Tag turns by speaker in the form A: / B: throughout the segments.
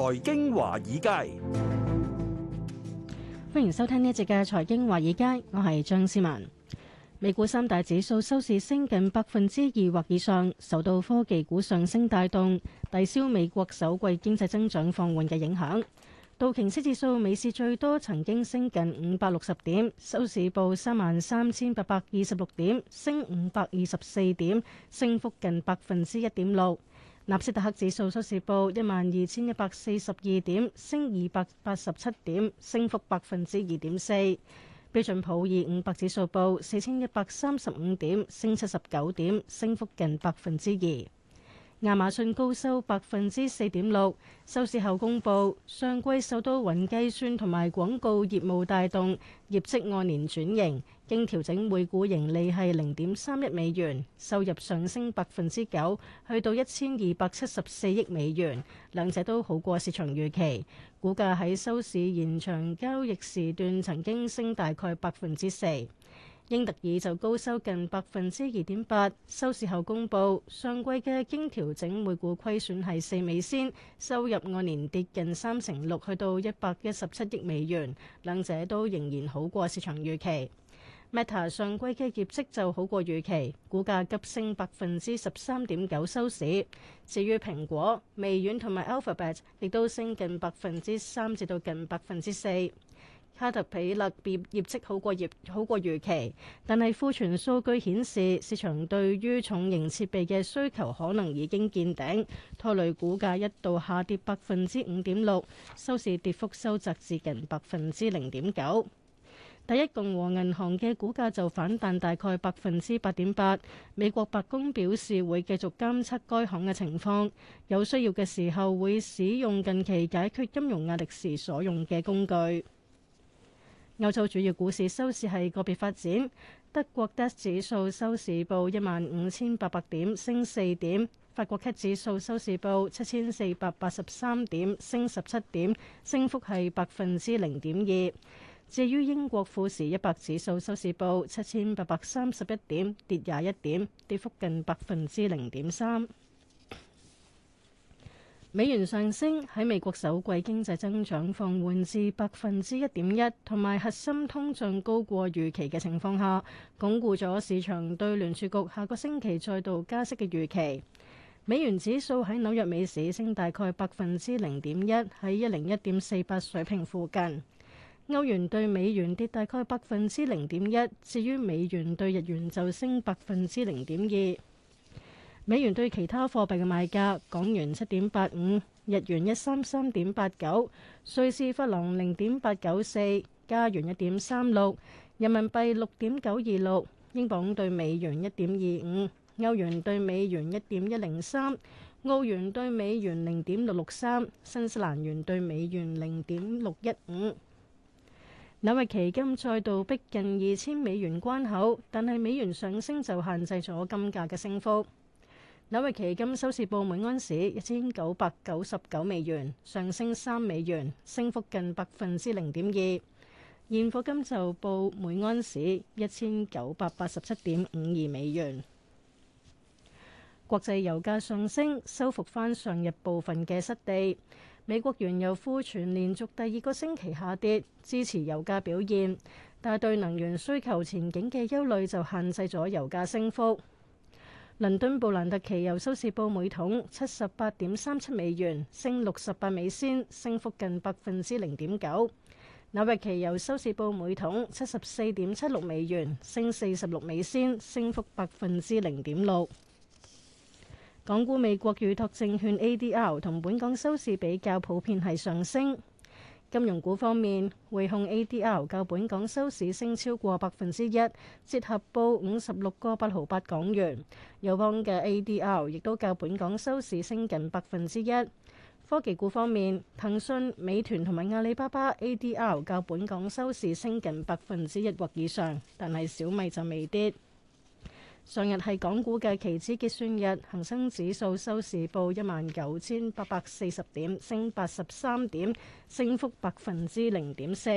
A: 財經華爾街，
B: 歡迎收聽呢一節嘅財經華爾街，我係張思文。美股三大指數收市升近百分之二或以上，受到科技股上升帶動，抵消美國首季經濟增長放緩嘅影響。道瓊斯指數美市最多曾經升近五百六十點，收市報三萬三千八百二十六點，升五百二十四點，升幅近百分之一點六。納斯達克指數收市報一萬二千一百四十二點，升二百八十七點，升幅百分之二點四。標準普爾五百指數報四千一百三十五點，升七十九點，升幅近百分之二。亞馬遜高收百分之四點六，收市後公佈上季受到雲計算同埋廣告業務帶動，業績按年轉型。經調整每股盈利係零點三一美元，收入上升百分之九，去到一千二百七十四億美元，兩者都好過市場預期。股價喺收市延長交易時段曾經升大概百分之四。英特爾就高收近百分之二點八，收市後公布上季嘅經調整每股虧損係四美仙，收入按年跌近三成六，去到一百一十七億美元，兩者都仍然好過市場預期。Meta 上季嘅業績就好過預期，股價急升百分之十三點九收市。至於蘋果、微軟同埋 Alphabet，亦都升近百分之三至到近百分之四。卡特彼勒業績好過業好過預期，但係庫存數據顯示市場對於重型設備嘅需求可能已經見頂，拖累股價一度下跌百分之五點六，收市跌幅收窄至近百分之零點九。第一共和銀行嘅股價就反彈大概百分之八點八。美國白宮表示會繼續監測該行嘅情況，有需要嘅時候會使用近期解決金融壓力時所用嘅工具。歐洲主要股市收市係個別發展，德國 DAX 指數收市報一萬五千八百點，升四點；法國 CAC 指數收市報七千四百八十三點，升十七點，升幅係百分之零點二。至於英國富時一百指數收市報七千八百三十一點，跌廿一點，跌幅近百分之零點三。美元上升喺美國首季經濟增長放緩至百分之一點一，同埋核心通脹高過預期嘅情況下，鞏固咗市場對聯儲局下個星期再度加息嘅預期。美元指數喺紐約美市升大概百分之零點一，喺一零一點四八水平附近。歐元對美元跌大概百分之零點一，至於美元對日元就升百分之零點二。美元對其他貨幣嘅賣價：港元七點八五，日元一三三點八九，瑞士法郎零點八九四，加元一點三六，人民幣六點九二六，英鎊對美元一點二五，歐元對美元一點一零三，澳元對美元零點六六三，新西蘭元對美元零點六一五。紐約期金再度逼近二千美元關口，但係美元上升就限制咗金價嘅升幅。紐約期金收市報每盎司一千九百九十九美元，上升三美元，升幅近百分之零點二。現貨金就報每盎司一千九百八十七點五二美元。國際油價上升，收復翻上，上日部分嘅失地。美國原油庫存連續第二個星期下跌，支持油價表現，但係對能源需求前景嘅憂慮就限制咗油價升幅。倫敦布蘭特期油收市報每桶七十八點三七美元，升六十八美仙，升幅近百分之零點九。紐約期油收市報每桶七十四點七六美元，升四十六美仙，升幅百分之零點六。港股、美國預託證券 ADR 同本港收市比較普遍係上升。金融股方面，匯控 ADR 較本港收市升超過百分之一，折合報五十六個八毫八港元。友邦嘅 ADR 亦都較本港收市升近百分之一。科技股方面，騰訊、美團同埋阿里巴巴 ADR 較本港收市升近百分之一或以上，但係小米就未跌。上日係港股嘅期指結算日，恆生指數收市報一萬九千八百四十點，升八十三點，升幅百分之零點四。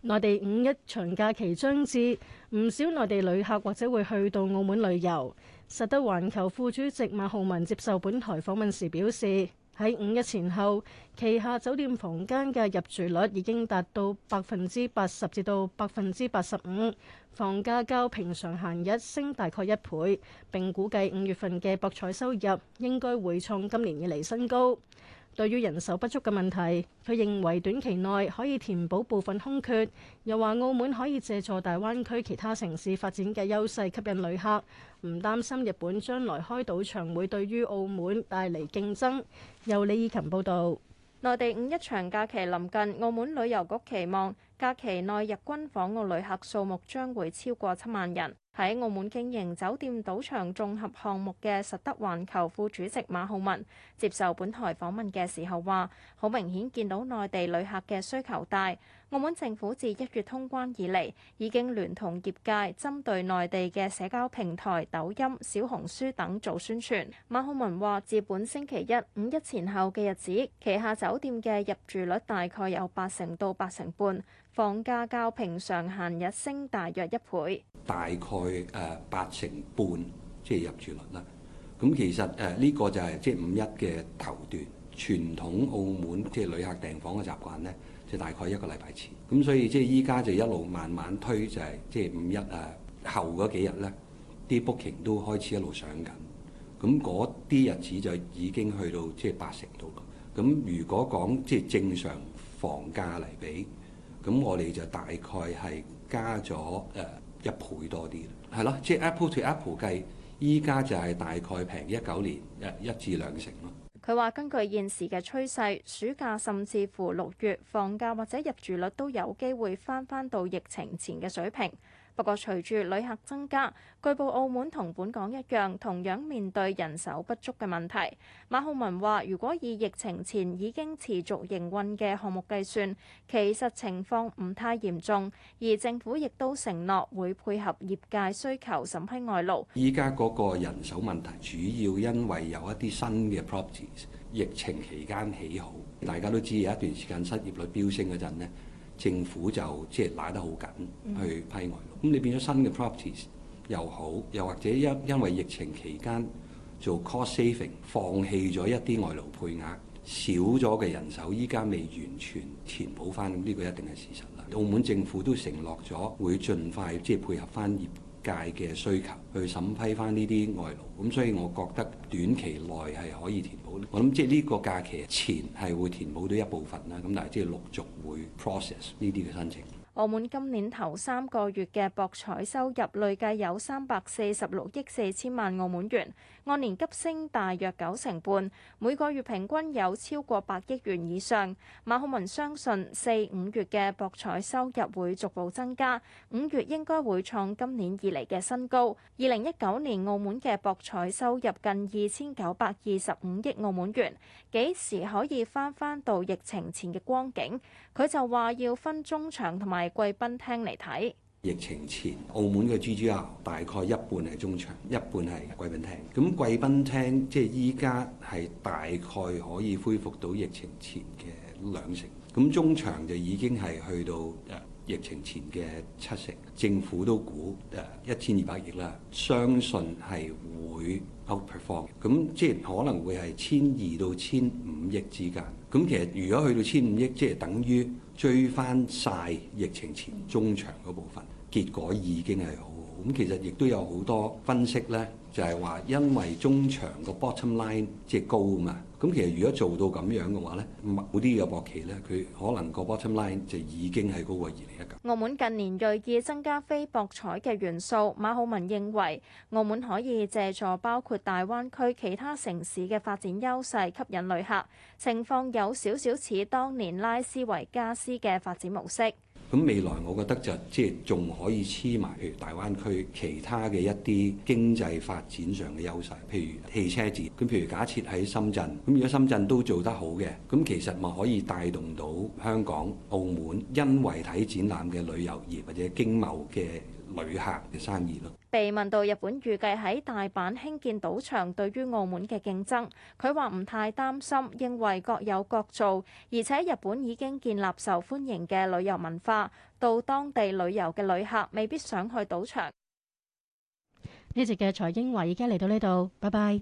B: 內地五一長假期將至，唔少內地旅客或者會去到澳門旅遊。實德環球副主席馬浩文接受本台訪問時表示，喺五一前後，旗下酒店房間嘅入住率已經達到百分之八十至到百分之八十五。房價較平常閒日升大概一倍，並估計五月份嘅博彩收入應該會創今年以嚟新高。對於人手不足嘅問題，佢認為短期內可以填補部分空缺。又話澳門可以借助大灣區其他城市發展嘅優勢吸引旅客，唔擔心日本將來開賭場會對於澳門帶嚟競爭。由李以琴報道。內地五一長假期臨近，澳門旅遊局期望假期內
C: 日均訪澳旅客數目將會超過七萬人。喺澳門經營酒店、賭場綜合項目嘅實德環球副主席馬浩文接受本台訪問嘅時候話，好明顯見到內地旅客嘅需求大。澳門政府自一月通關以嚟，已經聯同業界針對內地嘅社交平台抖音、小紅書等做宣傳。馬浩文話，自本星期一五一前後嘅日子，旗下酒店嘅入住率大概由八成到八成半，房價較平常閒日升大約一倍。
A: 大概誒八成半，即係入住率啦。咁其實誒呢個就係即係五一嘅頭段，傳統澳門即係旅客訂房嘅習慣呢，即係大概一個禮拜前，咁所以即係依家就一路慢慢推，就係即係五一啊後嗰幾日咧，啲 booking 都開始一路上緊，咁嗰啲日子就已經去到即係八成度咁。咁如果講即係正常房價嚟比，咁我哋就大概係加咗誒、呃、一倍多啲啦。係咯，即係 Apple to Apple 計，依家就係大概平一九年一一至兩成咯。
C: 佢話：根據現時嘅趨勢，暑假甚至乎六月房價或者入住率都有機會返返到疫情前嘅水平。不過，隨住旅客增加，據報澳門同本港一樣，同樣面對人手不足嘅問題。馬浩文話：如果以疫情前已經持續營運嘅項目計算，其實情況唔太嚴重。而政府亦都承諾會配合業界需求審批外勞。
A: 依家嗰個人手問題，主要因為有一啲新嘅 properties，疫情期間起好，大家都知有一段時間失業率飆升嗰陣政府就即係拉得好緊去批外勞，咁你變咗新嘅 properties 又好，又或者因因為疫情期間做 cost saving 放棄咗一啲外勞配額，少咗嘅人手，依家未完全填補翻，呢個一定係事實啦。澳門政府都承諾咗會盡快即係配合翻業界嘅需求去審批翻呢啲外勞，咁所以我覺得短期內係可以填補。我諗即係呢個假期前係會填補到一部分啦，咁但係即係陸續會 process 呢啲嘅申請。
C: 澳門今年頭三個月嘅博彩收入累計有三百四十六億四千萬澳門元，按年急升大約九成半，每個月平均有超過百億元以上。馬浩文相信四五月嘅博彩收入會逐步增加，五月應該會創今年以嚟嘅新高。二零一九年澳門嘅博彩收入近二千九百二十五億澳門元，幾時可以翻翻到疫情前嘅光景？佢就話要分中長同埋，貴賓廳嚟睇，
A: 疫情前澳門嘅 GGR 大概一半係中場，一半係貴賓廳。咁貴賓廳即係依家係大概可以恢復到疫情前嘅兩成，咁中場就已經係去到疫情前嘅七成。政府都估一千二百億啦，相信係會 outperform，咁即係可能會係千二到千五億之間。咁其實如果去到千五億，即係等於追翻晒疫情前中場嗰部分，結果已經係好好。咁其實亦都有好多分析咧，就係話因為中場個 bottom line 即係高啊嘛。咁其實如果做到咁樣嘅話，咧，每啲嘅博企咧，佢可能個 bottom line 就已經係高過二零一九。
C: 澳門近年銳意增加非博彩嘅元素，馬浩文認為澳門可以借助包括大灣區其他城市嘅發展優勢吸引旅客，情況有少少似當年拉斯維加斯嘅發展模式。
A: 咁未來我覺得就即係仲可以黐埋，譬如大灣區其他嘅一啲經濟發展上嘅優勢，譬如汽車展。咁譬如假設喺深圳，咁如果深圳都做得好嘅，咁其實咪可以帶動到香港、澳門因為睇展覽嘅旅遊業或者經貿嘅旅客嘅生意咯。
C: 被問到日本預計喺大阪興建賭場對於澳門嘅競爭，佢話唔太擔心，認為各有各做，而且日本已經建立受歡迎嘅旅遊文化，到當地旅遊嘅旅客未必想去賭場。
B: 呢集嘅財經華爾街已經嚟到呢度，拜拜。